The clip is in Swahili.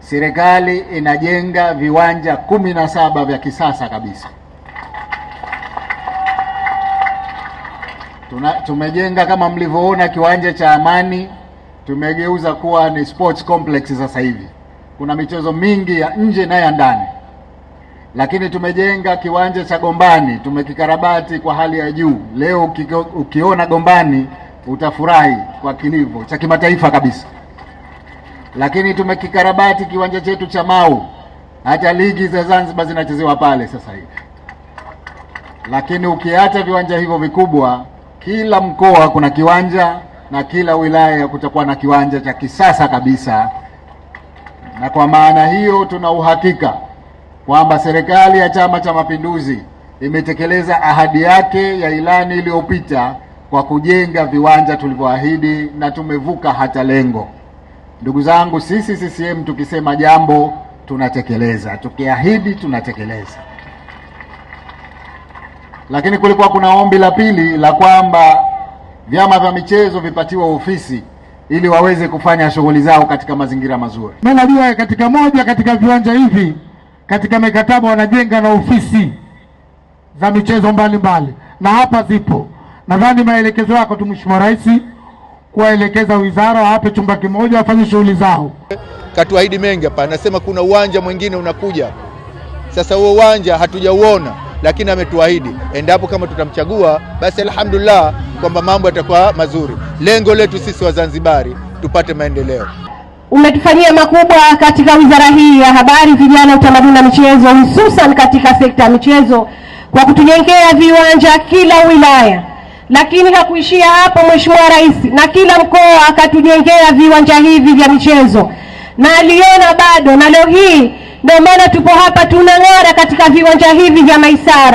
Serikali inajenga viwanja kumi na saba vya kisasa kabisa. Tuna, tumejenga kama mlivyoona kiwanja cha Amani tumegeuza kuwa ni sports complex sasa hivi. Kuna michezo mingi ya nje na ya ndani, lakini tumejenga kiwanja cha Gombani tumekikarabati kwa hali ya juu. Leo ukiona Gombani utafurahi kwa kilivyo cha kimataifa kabisa. Lakini tumekikarabati kiwanja chetu cha Mau, hata ligi za Zanzibar zinachezewa pale sasa hivi. Lakini ukiacha viwanja hivyo vikubwa, kila mkoa kuna kiwanja na kila wilaya kutakuwa na kiwanja cha kisasa kabisa, na kwa maana hiyo tuna uhakika kwamba serikali ya Chama cha Mapinduzi imetekeleza ahadi yake ya ilani iliyopita kwa kujenga viwanja tulivyoahidi na tumevuka hata lengo. Ndugu zangu, sisi CCM tukisema jambo tunatekeleza, tukiahidi tunatekeleza. Lakini kulikuwa kuna ombi la pili la kwamba vyama vya michezo vipatiwe ofisi ili waweze kufanya shughuli zao katika mazingira mazuri. Najua katika moja katika viwanja hivi katika mikataba wanajenga na ofisi za michezo mbalimbali mbali, na hapa zipo. Nadhani maelekezo yako tu Mheshimiwa Rais kuwaelekeza wizara wape chumba kimoja wafanye shughuli zao. Katuahidi mengi hapa, anasema kuna uwanja mwingine unakuja. Sasa huo uwanja hatujauona, lakini ametuahidi endapo kama tutamchagua, basi alhamdulillah kwamba mambo yatakuwa mazuri. Lengo letu sisi Wazanzibari tupate maendeleo. Umetufanyia makubwa katika wizara hii ya habari, vijana, utamaduni na michezo, hususan katika sekta ya michezo kwa kutujengea viwanja kila wilaya. Lakini hakuishia hapo Mheshimiwa Rais, na kila mkoa akatujengea viwanja hivi vya michezo na aliona bado, na leo hii ndio maana tupo hapa tunang'ara katika viwanja hivi vya Maisara.